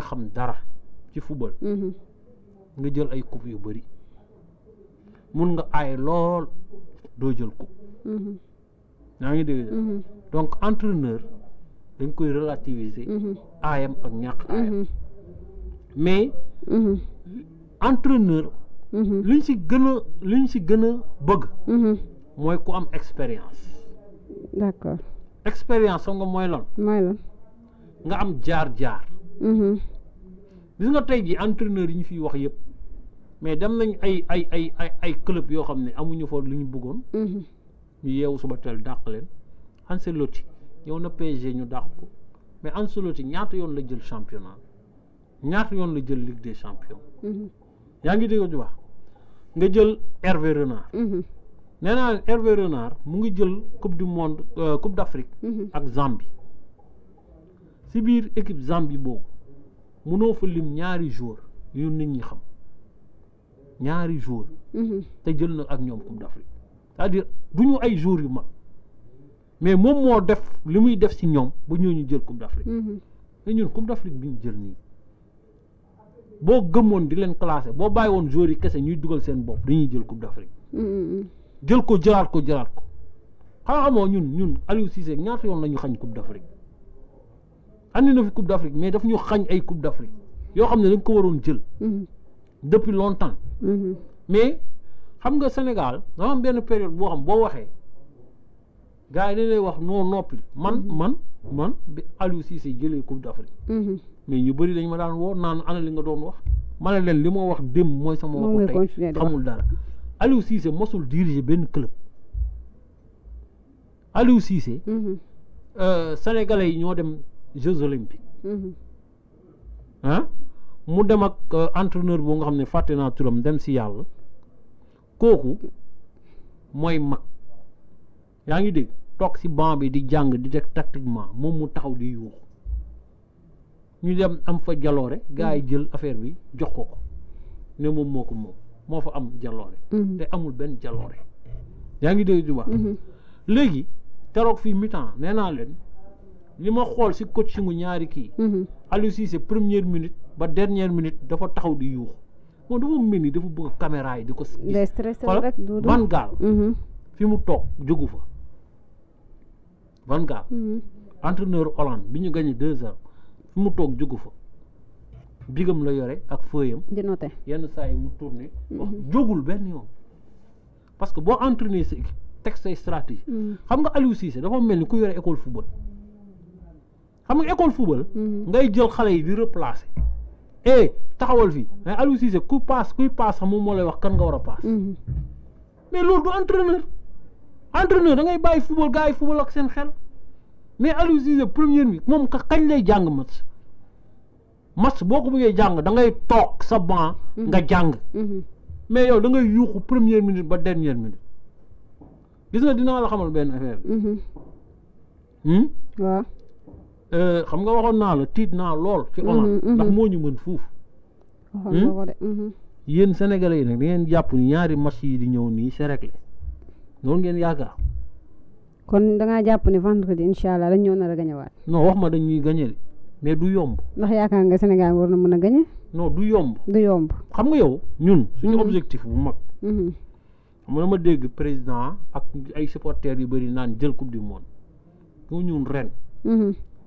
a xam dara ci football. Mm-hmm. nga jël ay coupe yu bëri mun nga aay lool doo jël coupe. Mm-hmm. yaa ngi dégg mm-hmm. donc entraîneur dañ koy relativiser. aayam ak ñàkk aayam. mais. entraîneur. liñ si gën a liñ si gën a bëgg. mooy ku am expérience. d' expérience xam nga mooy lan. mooy lan nga am jaar jaar. Mm-hmm. gis nga tey ji entraîneur yi ñu fiy wax yëpp mais dem nañu ay ay ay ay ay club yoo xam ne amuñu fa lu ñu bëggoon mm-hmm. ñu yeewu suba teel dàq leen Ancelotti ñëw na ñu dàq ko mais Ancelotti ñaata yoon la jël championnat ñaata yoon la jël Ligue des champions mm-hmm. yaa ngi dégg ju baax nga jël Hervé Renard nee naa Hervé Renard mu ngi jël coupe du monde euh, coupe d'Afrique ak Zambie si biir équipe Zambie boobu mënoo fa lim ñaari jour yu nit ñi xam ñaari jour mhm. te jël na ak ñoom Coupe d'Afrique c'est-à-dire du ñu ay jour yu ma mais moom moo def li muy def si ñoom ba ñoo ñu jël Coupe d'Afrique mhm. mais ñun Coupe d'Afrique bi ñu jël nii boo gëmoon di leen classé boo bàyyi woon joueurs yi kese ñuy dugal seen bopp dañuy jël Coupe d'Afrique mhm, jël ko jëlaat ko jëlaat ko xanaa xamoo ñun ñun Aliou Cissé ñaata yoon la ñu xañ Coupe d'Afrique andi na fi coupe d' afrique mais daf ñu xañ ay coupe d' afrique yoo xam ne dañ ko waroon jël mhm. depuis longtemps mhm. mais xam nga sénégal dafa am benn période boo xam boo waxee gaa yi dañ lay wax noo noppi man mhm. man man bi Aliou jëlee coupe d' afrique mais ñu bari dañ ma daan woo naan ana li nga doon wax ma ne leen li moo wax démb mooy sama waxu tey xamul dara Aliou Cissé mosul diriger benn club Aliou Cissé euh, sénégalais yi ñoo dem Jeux olympiques. ah mu dem ak euh, entraîneur boo nga xam ne fàtte naa turam dem si yàlla kooku mooy mag yaa ngi dégg toog si banc bi di jàng di def tactiquement moom mu taxaw di yuuxu ñu dem am fa jaloore gars yi mhm. jël affaire bi jox ko ko ne moom moo ko moom moo fa am jaloore. Mhm. te amul benn jaloore. yaa ngi dégg di léegi teroog fii mi temps nee leen. li ma xool si coachingu ñaari kii. Mhm. Aliou Cissé première minute ba dernière minute dafa taxaw di yuux moom dafa mel ni dafa bëgg caméra yi di ko. day stressé rek duudu Van mhm. mu toog jógu fa. Van Gaal. Mhm. entraîneur Hollande bi ñu gagné deux heures fi mu toog jógu fa. bigam la yore ak fëyam di noté yenn saa yi mu tourné. jógul benn yoon. parce que boo entraîné sa say stratégie. xam nga Aliou Cissé dafa mel ni ku yore école football. xam nga école football. Mm-hmm. ngay jël xale yi di replacer. eh taxawal fii mais Aliou Cissé ku paas kuy paas sax moom moo lay wax kan nga war a paas. Mm-hmm. mais loolu du entraîneur. entraîneur da ngay bàyyi football gars yi football ak seen xel mais Aliou Cissé première bi moom kañ lay jàng match. match boo ko bëggee jàng da ngay toog sa banc. Mm-hmm. nga jàng. mais yow da ngay yuuxu première minute ba dernière minute gis nga dinaa la xamal benn affaire. Hmm? waaw. Euh, xam nga waxoon naa la tiit naa lool ci Hollande mm-hmm, mm-hmm. ndax moo ñu mën fuuf hmm? mm-hmm. yéen sénégalais yi nag da ngeen jàpp ñaari match yi di ñëw nii c'est réglé noonu ngeen yaakaar kon dangaa jàpp ne vendredi incha allah dañ ñëw nar a gañewaat noo wax ma dañ gañe de mais du yomb ndax yaakaar nga Sénégal war na mën a gañe noo du yomb du yomb xam nga yow ñun suñu objectif bu mag xam nga ma dégg président ak ay supporters yu bëri naan jël coupe du monde ñun ren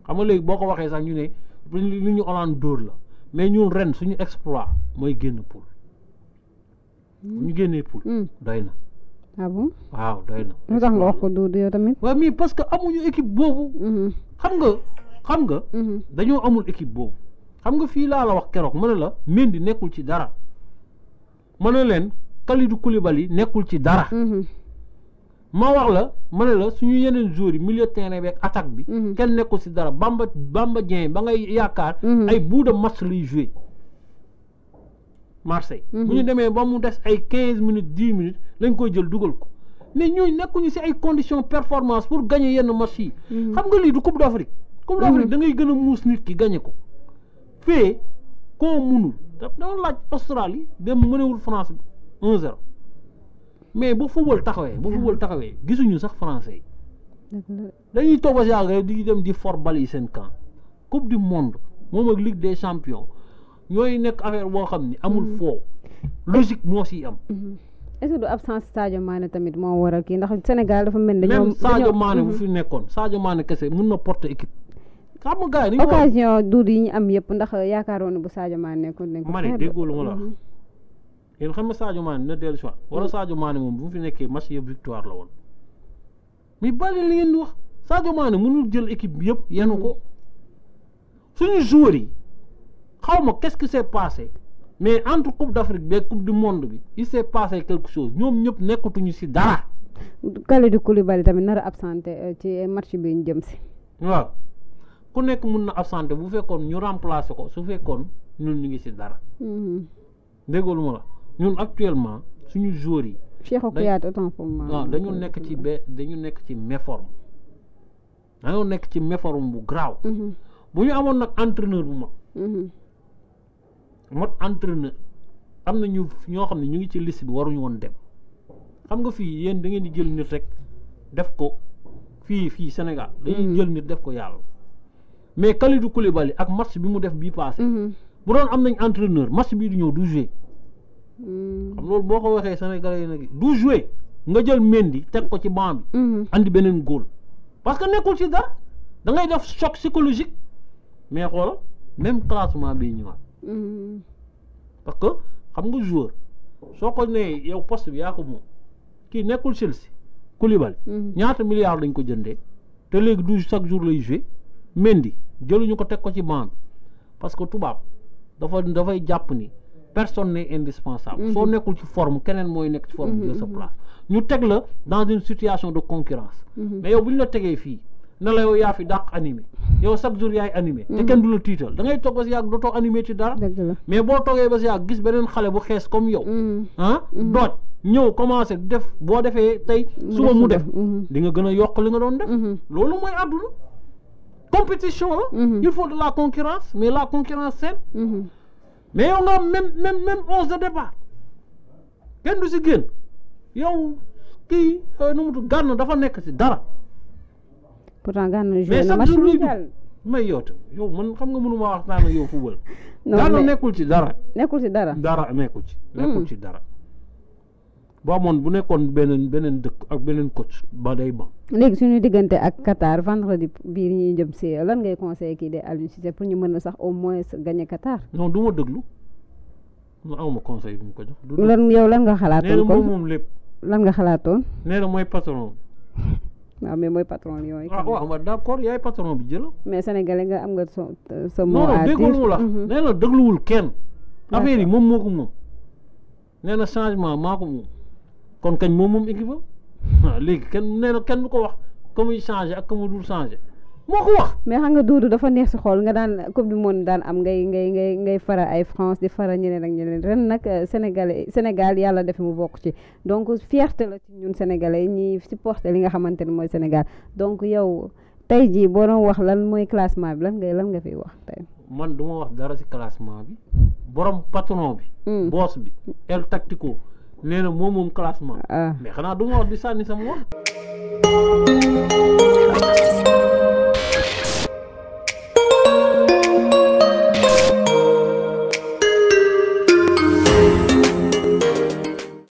xam nga léegi boo ko waxee sax ñu ne li ñu Hollande dóor la mais ñun ren suñu exploit mooy génn pour hmm. ñu génnee pour hmm. doy na ah waaw doy na lu tax nga wax ko Doudou yow tamit waaw mais parce que amuñu équipe boobu hmm. xam nga xam nga dañoo amul équipe boobu xam nga fii laa la wax keroog mën na la di nekkul ci dara mën na leen Kalidou Koulibaly nekkul ci dara ma wax la ma ne la suñu yeneen joueurs yi milieu terrain bi attaque bi. Mhm. kenn nekkul si dara Bamba Bamba Dieng ba ngay yaakaar. Mhm. ay bout de match luy joué. Marseille. Mhm. bu ñu demee ba mu des ay quinze minutes dix minutes lañ koy jël dugal ko ne ñooñu nekkuñu si ay conditions performance pour gagner yenn match yi. xam nga lii du Coupe d'Afrique. Coupe d'Afrique da ngay gën a muus nit ki gagner ko. fee koo munul da dama laaj Australie dem mënewul France bi 1 mais bu football taxawee bu foobal taxawee gisuñu sax français yi dañuy toog ba si di dem di for yi seen camp coupe du monde moom ak ligue des champions ñooy nekk affaire boo xam ni amul mm-hmm. foo logique moo siy am mm-hmm. est-ce que du absence Sadio Mané tamit moo waral kii ndax Sénégal dafa mel ni dañoo même Sadio Mané bu mm-hmm. fi nekkoon Sadio Mané kese mun na porter équipe xam nga gars yi occasion duud yi ñu am yëpp ndax yaakaaroon bu Sadio Mané nekkoon nañ ko ma ne déggoo yéen xam nga Sadio Mané na dellu si waat wala Sadio Mané moom bu mu fi nekkee match yëpp victoire la woon mais bàyyi leen di wax Sadio Mané mënul jël équipe bi yëpp yenu ko suñu joueurs yi xawma ma qu'est-ce qui s'est passé mais entre coupe d'Afrique beeg coupe du monde bi il s'est passé quelque chose ñoom ñëpp nekkatuñu si dara. Kalidou Koulibaly tamit nar a absenté euh, ci match bi ñu jëm si. waaw ku nekk mun na absenté bu fekkoon ñu remplacer ko su fekkoon ñun ñu ngi si dara. Mm-hmm. déggoo ñun actuellement suñu jour yi. Cheikhou Kouyaté autant pour moi. non dañu nekk ci be dañu nekk ci méforme dañoo nekk ci méforme bu graaw. Mhm. bu ñu amoon nag entraîneur bu mag. Mhm. mot entraîneur am na ñu ñoo xam ne ñu ngi ci liste bi waruñu woon dem xam nga fii yéen da ngeen di jël nit rek def ko fii fii Sénégal. Mhm. dañuy jël nit def ko yàlla. mais Kalidou Koulibaly ak match bi mu def bii passé. bu doon am nañ entraîneur match bii du ñëw du Hmm. xam loolu boo ko waxee Sénégalais yi nag du joué nga jël Mendy teg ko ci banc bi. Hmm. beneen góol parce que nekkul ci dara da ngay def choc psychologique mais xoolal même classement bi ñëwaat. Hmm. parce que xam nga joueur soo ko nee yow poste bi yaa ko moom kii nekkul Chelsea Koulibaly ñaata milliards lañ ko jëndee te léegi du chaque jour lay joué Mendy jëluñu ko teg ko ci banc parce que tubaab dafa dafay jàpp ni. personne n'est indispensable mhm. soo nekkul ci forme keneen mooy nekk ci forme de mhm, sa mhm. place ñu teg la dans une situation de concurrence mais yow bu ñu la tegee fii ne la yow yaa fi dàq animé yow chaque jour yaay animé te kenn du la tiital da ngay toog ba si yàgg dootoo animé ci dara mais boo toogee ba si yàgg gis beneen xale bu xees comme yow ah dooj ñëw commencé def boo defee tey suba mu def di nga gën a yokk li nga doon def loolu mooy àdduna compétition la il faut de la mais la concurrence saine mais yow nga am même même même onze de départ kenn du si génn yow kii euh, nu mu tudd dafa nekk si dara. pourtant gànn joué na match mondial mais yow yow man xam nga mënu ma waxtaan ak yow football. non nekkul ci dara. nekkul ci dara dara nekkul ci. nekkul hmm. ci dara. boo amoon bu nekkoon beneen beneen dëkk ak beneen coach ba day bon. léegi suñu diggante ak Qatar vendredi bii ñuy jëm si lan ngay conseillé kii de Aliou Cissé pour ñu mën na sax au moins gagné Qatar. non du ma déglu ma ma conseil bu mu ko jox. lan yow lan nga xalaatoon ko moom lépp. lan xalaatoon. nee na mooy patron. waaw ah, mais mooy patron yooyu. ah waaw d' accord bi jëla mais sénégalais nga am nga sa sa mot à dégluwul la mhm. nee na kenn. affaire yi moom moo ko moom. nee changement maa ko moom. kon kañ moom moom équipe waaw ah, léegi kenn nee na kenn du ko wax comme muy changé ak ka mu dul changé moo ko wax. mais xam nga Doudou dafa neex si xool nga daan coupe du monde daan am ngay ngay ngay ngay faral ay France di faral ñeneen ak ñeneen ren nag euh, Sénégal Sénégal yàlla def mu bokk ci donc fierté la ci ñun sénégalais ñi supporté li nga xamante ne mooy Sénégal donc yow tey jii boo doon wax lan mooy classement bi lan ngay lan nga fiy wax tey. man du ma wax dara si classement bi borom patron bi. Hmm. bi el tactico. nee na moom moom classement. Ah. mais xanaa du ma wax di sànni sama wax.